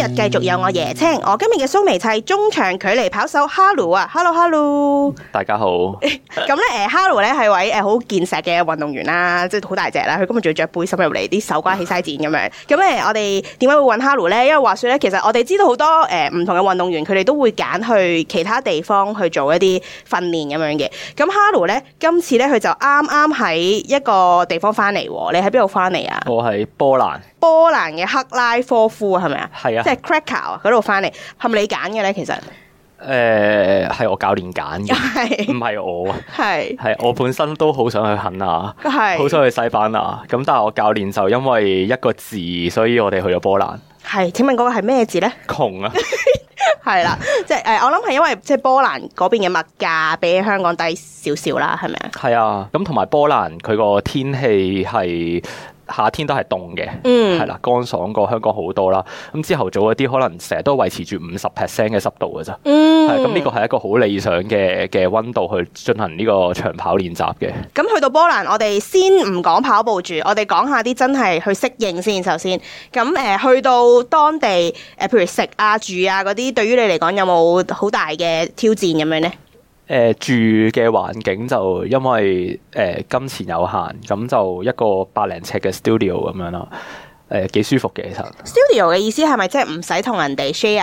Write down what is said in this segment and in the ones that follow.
日繼、嗯、續有我椰青，我今日嘅 Sportso-mate 就係中長距離跑手，Halu 啊，Halu，Halu，大家好。咁咧， 誒 Halu 咧係位誒好健碩嘅運動員啦，即係好大隻啦。佢今日仲要着背心入嚟，啲手瓜起晒展咁樣。咁咧，我哋點解會揾 Halu 咧？因為話說咧，其實我哋知道好多誒唔、呃、同嘅運動員，佢哋都會揀去其他地方去做一啲訓練咁樣嘅。咁 Halu 咧，今次咧佢就啱啱喺一個地方翻嚟。你喺邊度翻嚟啊？我喺波蘭。波蘭嘅克拉科夫是是是啊克克，係咪啊？係啊，即係 Cracow 嗰度翻嚟，係咪你揀嘅咧？其實誒、呃，係我教練揀嘅，唔係我，係係 是 我本身都好想去肯亞，好是 想去西班牙，咁但係我教練就因為一個字，所以我哋去咗波蘭。係，請問嗰個係咩字咧？窮窮啊， 啊，係啦，即係誒，我諗係因為即係波蘭嗰邊嘅物價比香港低少少啦，係咪啊？係啊，咁同埋波蘭佢個天氣係。夏天都係凍嘅，係啦、嗯，乾爽過香港好多啦。咁之後早嗰啲可能成日都維持住五十 percent 嘅濕度嘅啫。咁呢個係一個好理想嘅嘅溫度去進行呢個長跑練習嘅。咁去到波蘭，我哋先唔講跑步住，我哋講下啲真係去適應先。首先咁誒，去到當地誒，譬如食啊住啊嗰啲，對於你嚟講有冇好大嘅挑戰咁樣咧？呃、住嘅環境就因為誒、呃、金錢有限，咁就一個百零尺嘅 studio 咁樣囉。誒幾舒服嘅其實。Studio 嘅意思係咪即係唔使同人哋 share 誒、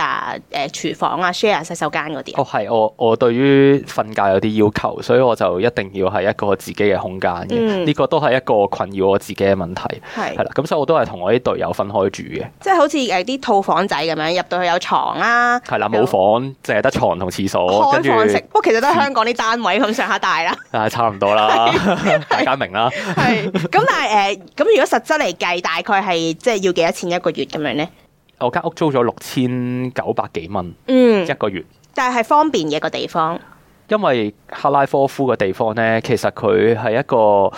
呃、廚房啊，share 洗手間嗰啲？哦、oh，係我我對於瞓覺有啲要求，所以我就一定要係一個自己嘅空間嘅。呢、mm hmm. 個都係一個困擾我自己嘅問題。係、mm。係、hmm. 啦，咁、嗯、所以我都係同我啲隊友分開住嘅。即係好似誒啲套房仔咁樣，入到去有床啦、啊。係啦，冇房淨係得床同廁所。開放式。后不過其實都係香港啲單位咁 上下大啦。啊， 差唔多啦，大家明啦是的。係。咁、啊、 但係誒，咁、呃、如果實質嚟計，大概係。即係要幾多錢一個月咁樣呢？我間屋租咗六千九百幾蚊，一個月。嗯，但係方便嘅一個地方，因為克拉科夫嘅地方呢，其實佢係一個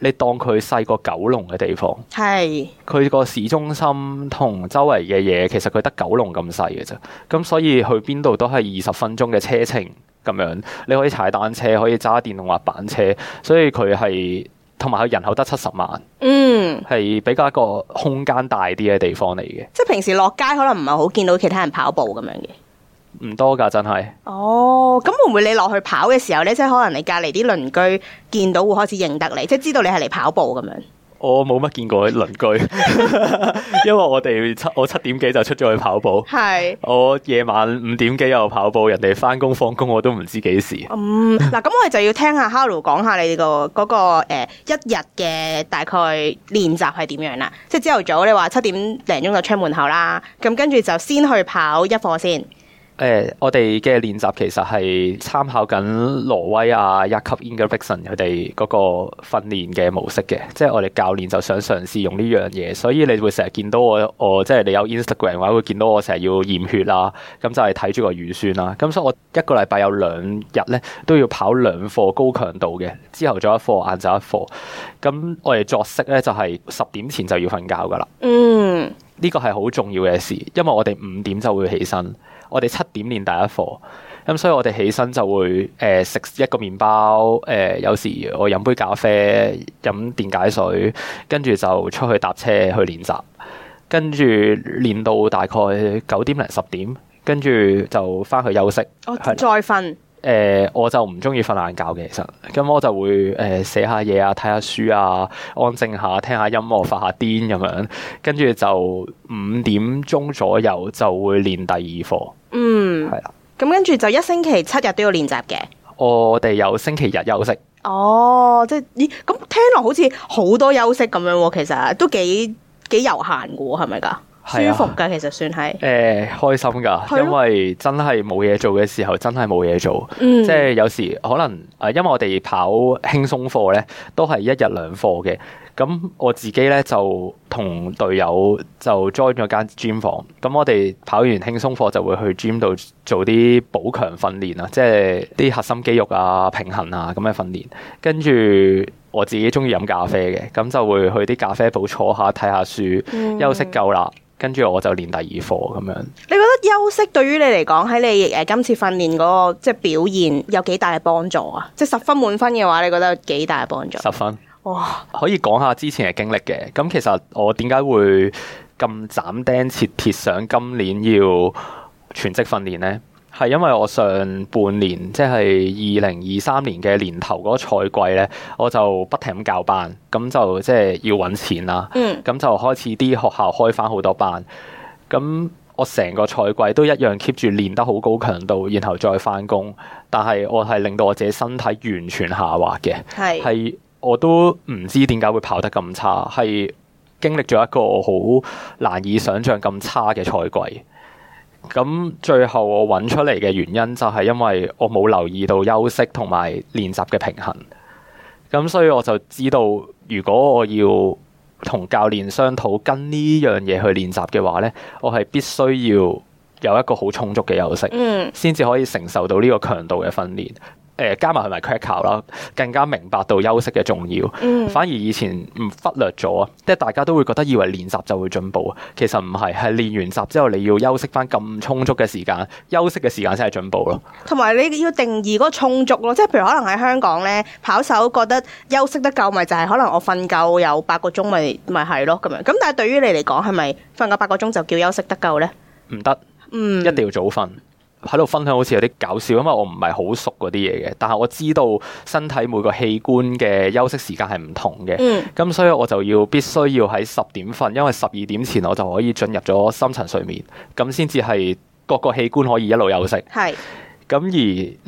你當佢細過九龍嘅地方。係佢個市中心同周圍嘅嘢，其實佢得九龍咁細嘅啫。咁所以去邊度都係二十分鐘嘅車程咁樣。你可以踩單車，可以揸電動滑板車，所以佢係。同埋佢人口得七十萬，嗯，係比較一個空間大啲嘅地方嚟嘅。即係平時落街可能唔係好見到其他人跑步咁樣嘅，唔多㗎真係。哦，咁會唔會你落去跑嘅時候呢？即係可能你隔離啲鄰居見到會開始認得你，即係知道你係嚟跑步咁樣？我冇乜見過鄰居， 因為我哋七我七點幾就出咗去跑步，係是我夜晚五點幾又跑步，人哋翻工放工我都唔知幾時。嗯，嗱咁我哋就要聽下 Halu 講下你，嗰個、嗰個誒、呃、一日嘅大概練習係點樣啦，即係朝頭早你話七點零鐘就出門口啦，咁跟住就先去跑一課先。誒、哎，我哋嘅練習其實係參考緊挪威啊、Jakob Ingebrigtsen 佢哋嗰個訓練嘅模式嘅，即係我哋教練就想嘗試用呢樣嘢，所以你會成日見到我，我即係你有 Instagram 嘅話，會見到我成日要驗血啦，咁就係睇住個預算啦。咁所以我一個禮拜有兩日咧都要跑兩課高強度嘅，之後做一課晏晝一課。咁我哋作息咧就係、是、十點前就要瞓覺噶啦。嗯，呢個係好重要嘅事，因為我哋五點就會起身。我哋七點練第一課，咁、嗯、所以我哋起身就會誒食、呃、一個麵包，誒、呃、有時我飲杯咖啡，飲電解水，跟住就出去搭車去練習，跟住練到大概九點零十點，跟住就翻去休息，我再瞓。誒、呃，我就唔中意瞓晏覺嘅，其實，咁我就會誒寫、呃、下嘢啊，睇下書啊，安靜下，聽下音樂，發下癲咁樣，跟住就五點鐘左右就會練第二課。嗯，係啦、啊，咁跟住就一星期七日都要練習嘅。我哋有星期日休息。哦，即係咦，咁聽落好似好多休息咁樣、啊，其實都幾幾悠閒噶，係咪噶？舒服噶，其實算係。誒、呃，開心噶，係。因為真係冇嘢做嘅時候，真係冇嘢做。嗯、即係有時可能誒、呃，因為我哋跑輕鬆課咧，都係一日兩課嘅。咁我自己咧就同隊友就 join 咗間 gym 房。咁我哋跑完輕鬆課就會去 gym 度做啲補強訓練啊，即係啲核心肌肉啊、平衡啊咁嘅訓練。跟住我自己中意飲咖啡嘅，咁就會去啲咖啡鋪坐下睇下書，嗯、休息夠啦。跟住我就練第二課咁樣。你覺得休息對於你嚟講喺你誒今次訓練嗰個即係表現有幾大嘅幫助啊？即係十分滿分嘅話，你覺得幾大幫助？十分，哇、oh！可以講下之前嘅經歷嘅。咁其實我點解會咁斬釘截鐵想今年要全職訓練呢？係因為我上半年即係二零二三年嘅年頭嗰個賽季咧，我就不停咁教班，咁就即係要揾錢啦。咁、嗯、就開始啲學校開翻好多班，咁我成個賽季都一樣 keep 住練得好高強度，然後再翻工。但係我係令到我自己身體完全下滑嘅，係是我都唔知點解會跑得咁差，係經歷咗一個好難以想象咁差嘅賽季。咁最後我揾出嚟嘅原因就係因為我冇留意到休息同埋練習嘅平衡，咁所以我就知道如果我要同教練商討跟呢樣嘢去練習嘅話呢，我係必須要有一個好充足嘅休息，嗯，先至可以承受到呢個強度嘅訓練。誒，加埋佢咪 critical 啦，更加明白到休息嘅重要，嗯、反而以前唔忽略咗啊！即係大家都會覺得以為練習就會進步，其實唔係，係練完習之後你要休息翻，咁充足嘅時間，休息嘅時間先係進步咯。同埋你要定義嗰個充足咯，即係譬如可能喺香港咧跑手覺得休息得夠，咪就係、係、可能我瞓夠有八個鐘、就係，咪咪係咯咁樣。咁但係對於你嚟講，係咪瞓夠八個鐘就叫休息得夠咧？唔得，嗯，一定要早瞓。嗯喺度分享好似有啲搞笑，因為我唔係好熟嗰啲嘢嘅，但係我知道身體每個器官嘅休息時間係唔同嘅，嗯，咁所以我就要必須要喺十點瞓，因為十二點前我就可以進入咗深層睡眠，咁先至係各個器官可以一路休息。係，咁而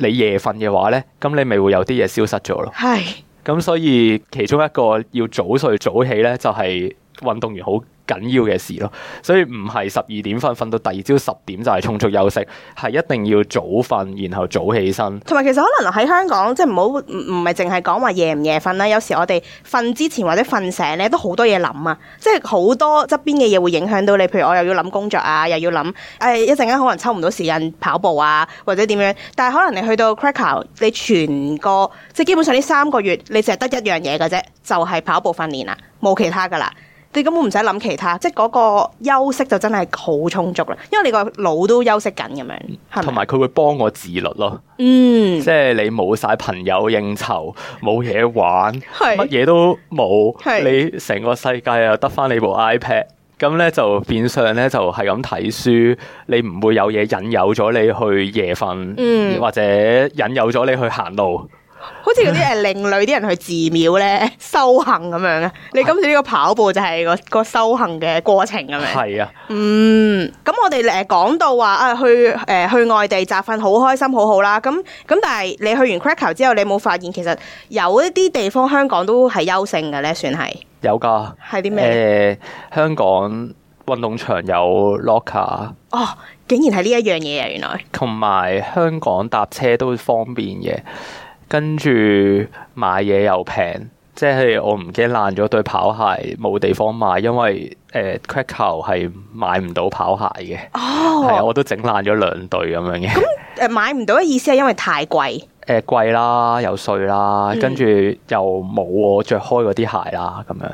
你夜瞓嘅話咧，咁你咪會有啲嘢消失咗咯。係，咁所以其中一個要早睡早起咧，就係、是。運動員好緊要嘅事咯，所以唔係十二點瞓，瞓到第二朝十點就係充足休息，係一定要早瞓，然後早起身。同埋其實可能喺香港即係唔好唔係淨係講話夜唔夜瞓啦。有時我哋瞓之前或者瞓醒咧都好多嘢諗啊，即係好多側邊嘅嘢會影響到你。譬如我又要諗工作啊，又要諗誒一陣間可能抽唔到時間跑步啊，或者點樣。但係可能你去到 Krakow，你全個即係基本上呢三個月你淨係得一樣嘢㗎啫，就係跑步訓練啦，冇其他噶啦。你根本唔使諗其他，即係嗰個休息就真係好充足啦，因為你個腦都休息緊咁樣，係咪？同埋佢會幫我自律咯，嗯，即係你冇晒朋友應酬，冇嘢玩，乜嘢是都冇，是你成個世界又得翻你部 iPad，咁咧就變相咧就係咁睇書，你唔會有嘢引誘咗你去夜瞓，嗯、或者引誘咗你去行路。好似嗰啲誒另類啲人去寺廟咧修行咁樣咧，你今次呢個跑步就係個個修行嘅過程咁樣。係是啊，嗯，咁我哋誒講到話啊去誒去外地集訓好開心好好啦，咁咁但係你去完 Krakow 之後，你有冇發現其實有一啲地方香港都係優勝嘅咧？算係有噶的，係啲咩？誒、呃，香港運動場有 locker 哦，竟然係呢一樣嘢啊！原來同埋香港搭車都方便嘅。跟住買嘢又平，即係我唔驚爛咗對跑鞋冇地方買，因為誒 Krakow 係買唔到跑鞋嘅，哦，係啊，我都整爛咗兩對咁樣嘅。咁誒買唔到嘅意思係因為太貴？誒貴啦，又碎啦，跟住又冇我着開嗰啲鞋啦，咁樣。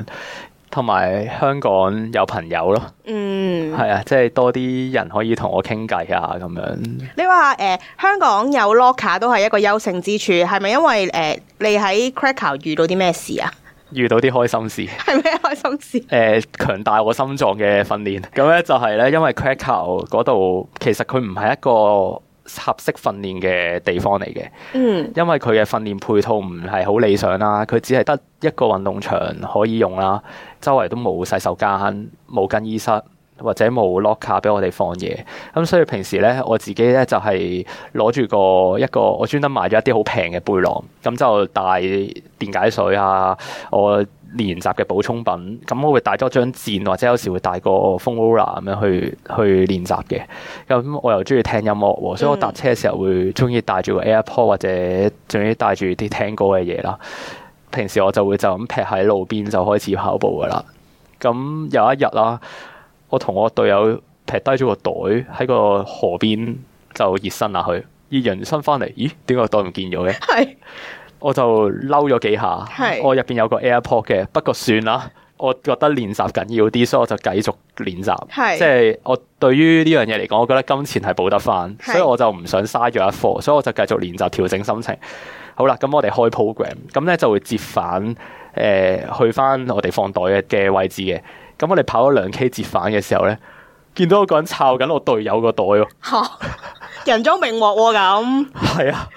同埋香港有朋友咯，嗯，係啊，即係多啲人可以同我傾偈啊，咁樣。你話誒、呃，香港有 Locker、er、都係一個優勝之處，係咪因為誒、呃，你喺 Krakow 遇到啲咩事啊？遇到啲開心事，係咩開心事？誒、呃，強大我心臟嘅訓練，咁咧 就係咧，因為 Krakow 嗰度其實佢唔係一個。合適訓練嘅地方嚟嘅，因為佢嘅訓練配套唔係好理想啦，佢只係得一個運動場可以用啦，周圍都冇洗手間，冇更衣室。或者冇 locker 俾我哋放嘢，咁所以平時咧我自己咧就係攞住個一個，我專登買咗一啲好平嘅背囊，咁就帶電解水啊，我練習嘅補充品，咁我會帶多張箭，或者有時會帶個 foam roller 咁樣去去練習嘅。咁我又中意聽音樂，啊，所以我搭車嘅時候會中意帶住 AirPod 或者仲要帶住啲聽歌嘅嘢啦。平時我就會就咁劈喺路邊就開始跑步噶啦。咁有一日啦、啊。我同我隊友劈低咗個袋喺個河邊就熱身啦，去。熱人身翻嚟，咦？點解個袋唔見咗嘅？係是，我就嬲咗幾下。係是，我入邊有個 AirPod 嘅，不過算啦，我覺得練習緊要啲，所以我就繼續練習。係是，即係我對於呢樣嘢嚟講，我覺得金錢係補得翻是，所以我就唔想嘥咗一課，所以我就繼續練習，調整心情。好啦，咁我哋開 program，咁咧就會折返誒、呃、去翻我哋放袋嘅位置嘅。咁我哋跑咗兩 k 折返嘅時候咧，見到一個人抄緊我隊友個袋哦、啊。人贓並獲喎。係啊，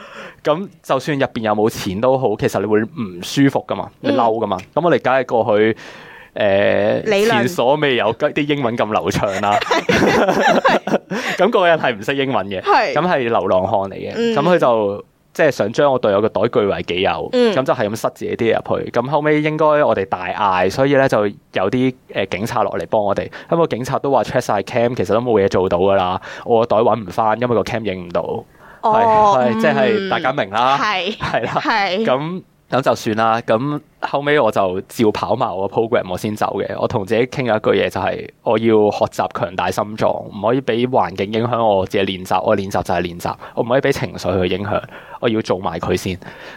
咁、啊、就算入邊有冇錢都好，其實你會唔舒服噶嘛，你嬲噶嘛。咁、嗯、我哋梗係過去，誒、呃、前所未有，啲英文咁流暢啦、啊。咁嗰個人係唔識英文嘅，咁係流浪漢嚟嘅，咁佢就。即係想將我隊友嘅袋據為己有，咁、嗯、就係咁塞自己啲嘢入去。咁後尾應該我哋大嗌，所以咧就有啲誒警察落嚟幫我哋。咁個警察都話 check 晒 cam，其實都冇嘢做到噶啦。我個袋揾唔翻，因為個 cam 影唔到。係係、哦，即係、嗯、大家明啦，係係啦，咁。咁就算啦，咁後尾我就照跑埋我個 program，我先走嘅。我同自己傾啊一句嘢就係、是，我要學習強大心臟，唔可以俾環境影響我。我自己練習，我練習就係練習，我唔可以俾情緒去影響。我要做埋佢先，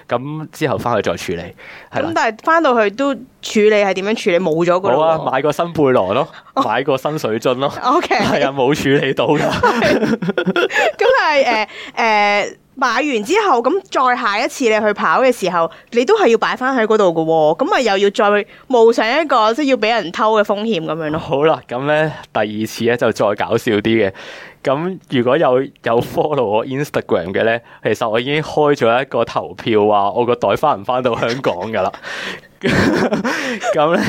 咁之後翻去再處理。咁但係翻到去都處理係點樣處理？冇咗個。好啊，買個新背囊咯，買個新水樽咯。OK，係啊，冇處理到㗎 咁係誒誒。呃呃買完之後，咁再下一次你去跑嘅時候，你都係要擺翻喺嗰度噶喎，咁咪又要再冒上一個即係、就是、要俾人偷嘅風險咁樣咯。好啦，咁咧第二次咧就再搞笑啲嘅。咁如果有有 follow 我 Instagram 嘅咧，其實我已經開咗一個投票話我個袋翻唔翻到香港噶啦。 咁咧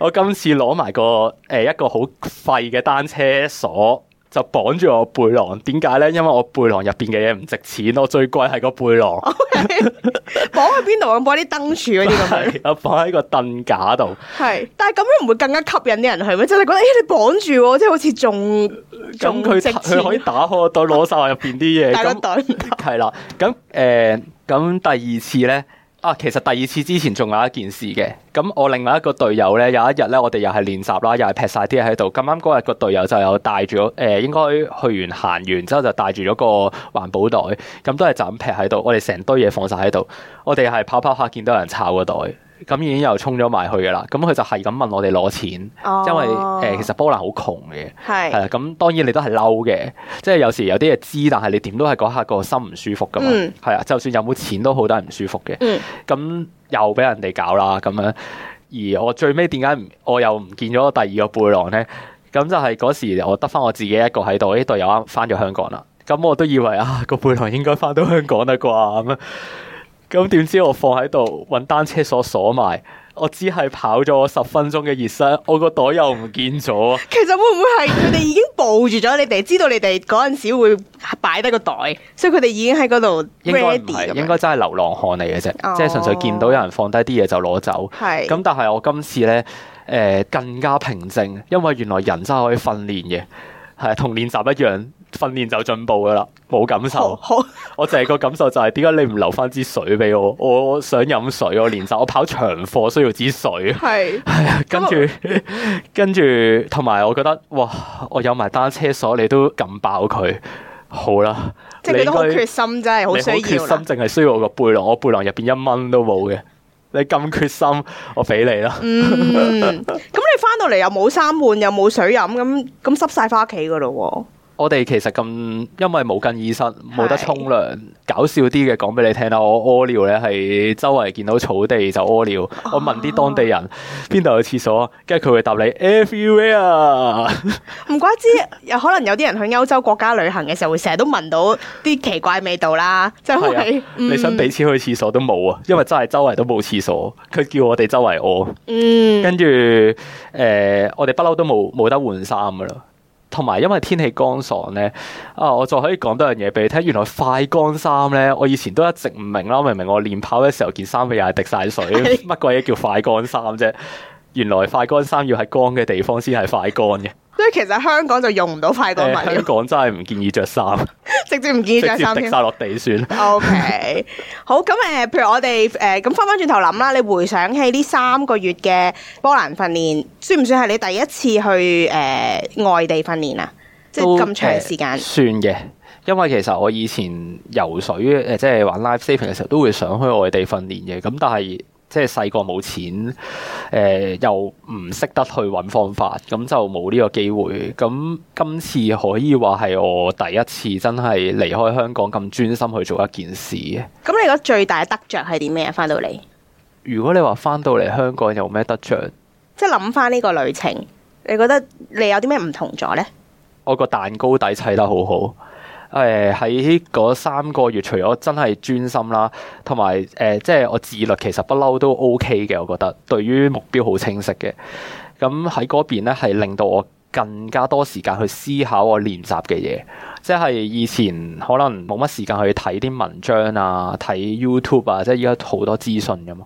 我今次攞埋個誒、呃、一個好廢嘅單車鎖。就綁住我背囊，點解咧？因為我背囊入邊嘅嘢唔值錢，我最貴係個背囊。綁喺邊度咁？放啲燈柱嗰啲咁樣。我放喺個凳架度。係，但係咁樣唔會更加吸引啲人係咪、欸？即係覺得誒，你綁住，即係好似仲仲佢值錢，佢可以打開袋攞晒入邊啲嘢。係啦，咁誒 盜，咁、欸、第二次咧。啊，其實第二次之前仲有一件事嘅，咁我另外一個隊友咧，有一日咧，我哋又係練習啦，又係劈晒啲嘢喺度。咁啱嗰日個隊友就有帶住咗，誒、呃、應該去完行完之後就帶住咗個環保袋，咁都係就咁劈喺度。我哋成堆嘢放晒喺度，我哋係跑跑下見到有人摷個袋。咁已經又衝咗埋去嘅啦，咁佢就係咁問我哋攞錢，哦、因為誒、呃、其實波蘭好窮嘅，係啦，咁當然你都係嬲嘅，即係有時有啲嘢知，但係你點都係嗰刻個心唔舒服噶嘛，係啊、嗯，就算有冇錢好都好都係唔舒服嘅，咁、嗯、又俾人哋搞啦咁樣，而我最尾點解我又唔見咗第二個背囊咧？咁就係嗰時我得翻我自己一個喺度，呢度又啱翻咗香港啦，咁我都以為啊個背囊應該翻到香港啦啩咁啊～咁點知我放喺度，搵單車鎖鎖埋，我只係跑咗十分鐘嘅熱身，我個袋又唔見咗。 其實會唔會係佢哋已經抱住咗你哋，知道你哋嗰陣時會擺低個袋，所以佢哋已經喺嗰度 ready？應該唔係，應該真係流浪漢嚟嘅啫，即係純粹見到有人放低啲嘢，就攞走。係是。咁但係我今次咧，誒、呃、更加平靜，因為原來人真係可以訓練嘅，係同練習一樣。訓練就進步噶啦，冇感受。好，好我淨係個感受就係點解你唔留翻支水俾我？我想飲水，我練習，我跑長課需要支水。係是，係啊、哎。跟住好，跟住，同埋我覺得，哇！我有埋單車鎖，你都撳爆佢，好啦。即係你都好決心，真係好需要。決心淨係需要我個背囊，我背囊入邊一蚊都冇嘅。你咁決心，我俾你啦。嗯，咁 你翻到嚟又冇衫換，又冇水飲，咁咁濕晒翻屋企噶咯。我哋其實咁，因為冇間浴室，冇得沖涼。是搞笑啲嘅講俾你聽啦，我屙尿咧係周圍見到草地就屙尿。啊、我問啲當地人邊度、嗯、有廁所，跟住佢會答你 everywhere。唔 怪之，有可能有啲人去歐洲國家旅行嘅時候，會成日都聞到啲奇怪味道啦。即係、啊嗯、你想俾錢去廁所都冇啊，因為真係周圍都冇廁所。佢叫我哋周圍屙，嗯，跟住誒、呃，我哋不嬲都冇冇得換衫噶啦。同埋，因為天氣乾爽咧，啊，我就可以講多樣嘢俾你聽。原來快乾衫咧，我以前都一直唔明啦。明明我練跑嘅時候，件衫咪又係滴晒水，乜鬼嘢叫快乾衫啫？原來快乾衫要喺乾嘅地方先係快乾嘅，所以其實香港就用唔到快乾物料、呃。香港真係唔建議着衫， 直接唔建議着衫添。直接跌曬落地算。OK，好，咁誒，譬如我哋誒，咁翻翻轉頭諗啦，你回想起呢三個月嘅波蘭訓練，算唔算係你第一次去誒、呃、外地訓練啊？即係咁長時間。呃、算嘅，因為其實我以前游水誒，即係玩 live saving 嘅時候，都會想去外地訓練嘅。咁但係。即係細個冇錢，誒、呃、又唔識得去揾方法，咁就冇呢個機會。咁今次可以話係我第一次真係離開香港咁專心去做一件事嘅。咁你覺得最大嘅得着係點咩啊？翻到嚟，如果你話翻到嚟香港有咩得着，即係諗翻呢個旅程，你覺得你有啲咩唔同咗呢？我個蛋糕底砌得好好。誒喺嗰三個月，除咗真係專心啦，同埋誒，即係我自律其實不嬲都 OK 嘅，我覺得對於目標好清晰嘅。咁喺嗰邊咧，係令到我更加多時間去思考我練習嘅嘢，即係以前可能冇乜時間去睇啲文章啊，睇 YouTube 啊，即係依家好多資訊噶嘛。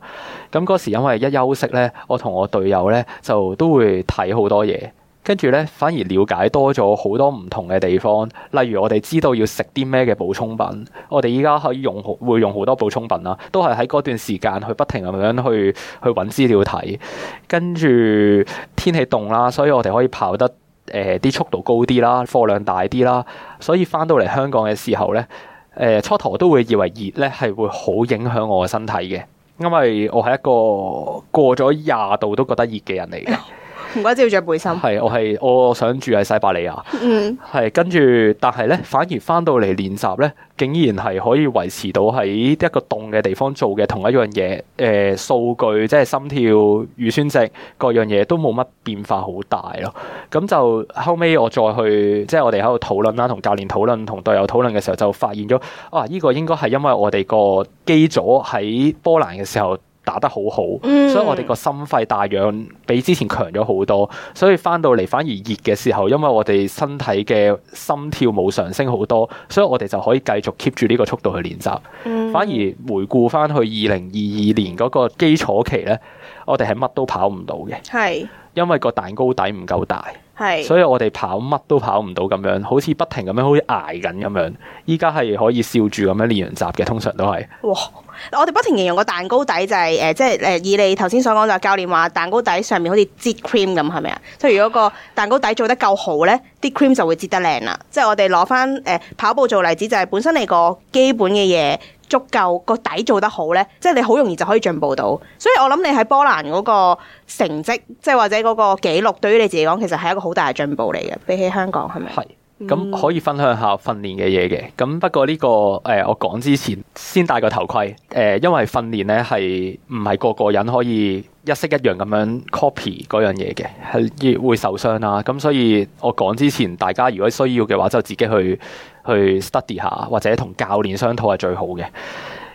咁嗰時因為一休息咧，我同我隊友咧就都會睇好多嘢。跟住咧，反而了解多咗好多唔同嘅地方。例如我哋知道要食啲咩嘅補充品，我哋依家可以用會用好多補充品啦。都係喺嗰段時間去不停咁樣去去揾資料睇。跟住天氣凍啦，所以我哋可以跑得誒啲、呃、速度高啲啦，貨量大啲啦。所以翻到嚟香港嘅時候咧，誒、呃、初頭我都會以為熱咧係會好影響我嘅身體嘅，因為我係一個過咗廿度都覺得熱嘅人嚟嘅。 唔怪之要着背心。係，我係我想住喺西伯利亞。嗯，係跟住，但係咧，反而翻到嚟練習咧，竟然係可以維持到喺一個凍嘅地方做嘅同一樣嘢。誒、呃，數據即係心跳、乳酸值，各樣嘢都冇乜變化好大咯。咁就後尾我再去，即係我哋喺度討論啦，同教練討論，同隊友討論嘅時候，就發現咗啊！呢個應該係因為我哋個機組喺波蘭嘅時候。打得好好，所以我哋個心肺大氧比之前強咗好多，所以翻到嚟反而熱嘅時候，因為我哋身體嘅心跳冇上升好多，所以我哋就可以繼續 keep 住呢個速度去練習。反而回顧翻去二零二二年嗰個基礎期咧，我哋係乜都跑唔到嘅，係因為個蛋糕底唔夠大。是所以我哋跑乜都跑唔到咁樣，好似不停咁樣好似挨緊咁樣。依家係可以笑住咁樣練習嘅，通常都係。哇！我哋不停形容個蛋糕底就係、是、誒、呃，即係誒，以你頭先所講就係教練話蛋糕底上面好似擠 cream 咁，係咪啊？即係如果個蛋糕底做得夠好咧，啲 cream 就會擠得靚啦。即係我哋攞翻誒跑步做例子、就是，就係本身你個基本嘅嘢。足夠個底做得好呢，即係你好容易就可以進步到。所以我諗你喺波蘭嗰個成績，即係或者嗰個紀錄，對於你自己講，其實係一個好大嘅進步嚟嘅，比起香港係咪？係。咁可以分享下訓練嘅嘢嘅。咁不過呢個誒、呃，我講之前先戴個頭盔誒、呃，因為訓練呢係唔係個個人可以一式一樣咁樣 copy 嗰樣嘢嘅，係會受傷啦。咁所以我講之前，大家如果需要嘅話，就自己去。去 study 下或者同教練商討係最好嘅。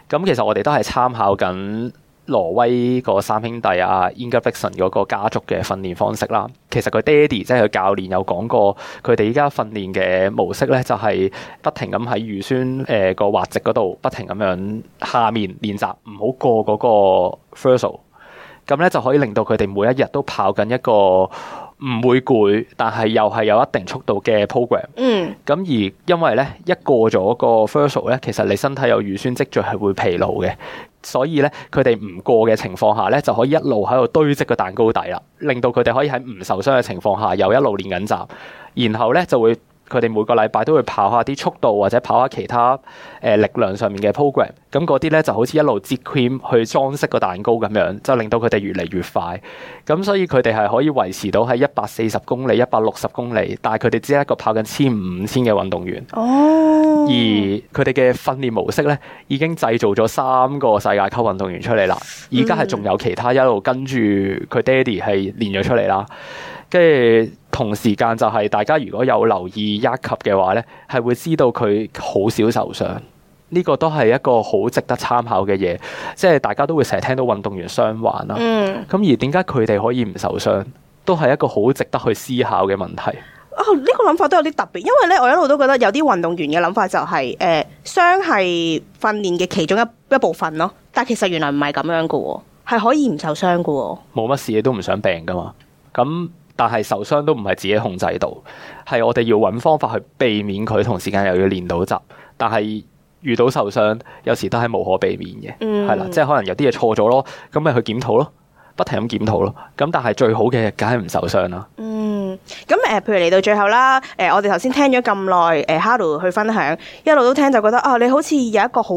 咁其實我哋都係參考緊挪威個三兄弟啊 Ingebrigtsen 嗰個家族嘅訓練方式啦。其實佢爹哋即係佢教練有講過，佢哋依家訓練嘅模式咧，就係、是、不停咁喺乳酸誒個滑值嗰度不停咁樣下面練習，唔好過嗰個 threshold。咁咧就可以令到佢哋每一日都跑緊一個。唔會攰，但係又係有一定速度嘅 program。嗯，咁而因為咧一過咗個 firstal 咧，其實你身體有乳酸積聚係會疲勞嘅，所以咧佢哋唔過嘅情況下咧，就可以一路喺度堆積個蛋糕底啦，令到佢哋可以喺唔受傷嘅情況下又一路練緊習，然後咧就會。佢哋每個禮拜都會跑下啲速度或者跑下其他誒、呃、力量上面嘅 program，咁嗰啲咧就好似一路擠 cream 去裝飾個蛋糕咁樣，就令到佢哋越嚟越快。咁、嗯、所以佢哋係可以維持到喺一百四十公里、一百六十公里，但係佢哋只係一個跑緊千五、五千嘅運動員。哦，而佢哋嘅訓練模式咧已經製造咗三個世界級運動員出嚟啦。而家係仲有其他一路跟住佢爹哋係練咗出嚟啦。即係同時間就係大家如果有留意一級嘅話呢，係會知道佢好少受傷。呢、這個都係一個好值得參考嘅嘢。即係大家都會成日聽到運動員傷患啦，咁、嗯、而點解佢哋可以唔受傷，都係一個好值得去思考嘅問題。啊、哦，呢、這個諗法都有啲特別，因為呢，我一路都覺得有啲運動員嘅諗法就係、是、誒、呃，傷係訓練嘅其中一一部分咯。但其實原來唔係咁樣噶，係可以唔受傷噶，冇乜事你都唔想病噶嘛。咁、嗯但係受傷都唔係自己控制到，係我哋要揾方法去避免佢，同時間又要練到習。但係遇到受傷，有時都係無可避免嘅，係啦、嗯，即係可能有啲嘢錯咗咯，咁咪去檢討咯，不停咁檢討咯。咁但係最好嘅，梗係唔受傷啦。嗯，咁誒、呃，譬如嚟到最後啦，誒、呃，我哋頭先聽咗咁耐，誒、呃、，Halu 去分享一路都聽就覺得啊、哦，你好似有一個好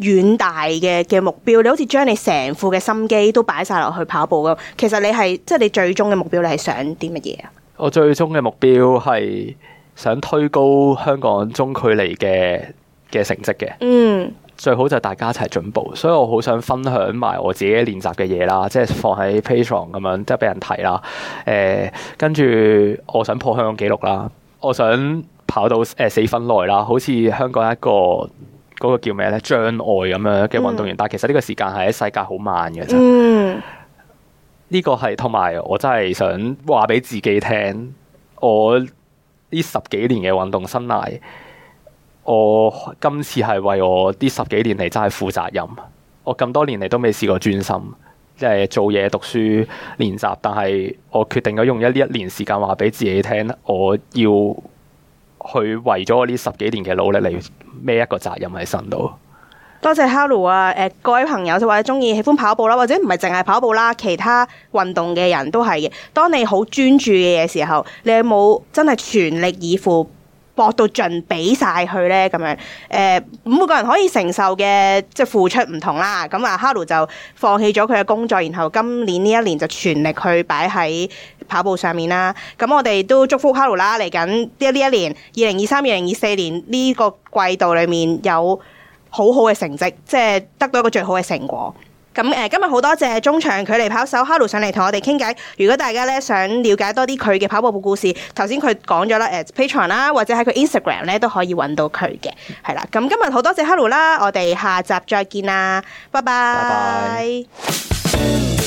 遠大嘅嘅目標，你好似將你成副嘅心機都擺晒落去跑步咁。其實你係即係你最終嘅目標你，你係想啲乜嘢啊？我最終嘅目標係想推高香港中距離嘅嘅成績嘅。嗯，最好就大家一齊進步。所以我好想分享埋我自己練習嘅嘢啦，即係放喺 Patreon 咁樣，即係俾人睇啦。誒、呃，跟住我想破香港紀錄啦，我想跑到誒、呃、四分內啦，好似香港一個。嗰個叫咩呢？障礙咁樣嘅運動員，但係其實呢個時間係喺世界好慢嘅啫。呢、嗯、個係同埋，我真係想話俾自己聽，我呢十幾年嘅運動生涯，我今次係爲我呢十幾年嚟真係負責任。我咁多年嚟都未試過專心，即係做嘢、讀書、練習。但係我決定咗用一呢一年時間話俾自己聽，我要。去為咗我呢十幾年嘅努力嚟孭一個責任喺身度。多謝 Halu 啊，誒、呃，各位朋友，就或者中意喜歡跑步啦，或者唔係淨係跑步啦，其他運動嘅人都係嘅。當你好專注嘅嘢時候，你有冇真係全力以赴？搏到盡，俾晒佢咧咁樣，誒，每個人可以承受嘅即係付出唔同啦。咁啊，Halu 就放棄咗佢嘅工作，然後今年呢一年就全力去擺喺跑步上面啦。咁、啊嗯、我哋都祝福 Halu 啦，嚟緊呢呢一年二零二三、二零二四年呢個季度裡面有好好嘅成績，即係得到一個最好嘅成果。咁誒，今日好多謝中長距離跑手 Halu 上嚟同我哋傾偈。如果大家咧想了解多啲佢嘅跑步嘅故事，頭先佢講咗啦，誒 Patreon 啦，或者喺佢 Instagram 咧都可以揾到佢嘅。係啦，咁今日好多謝 Halu 啦，我哋下集再見啦，拜拜。Bye bye。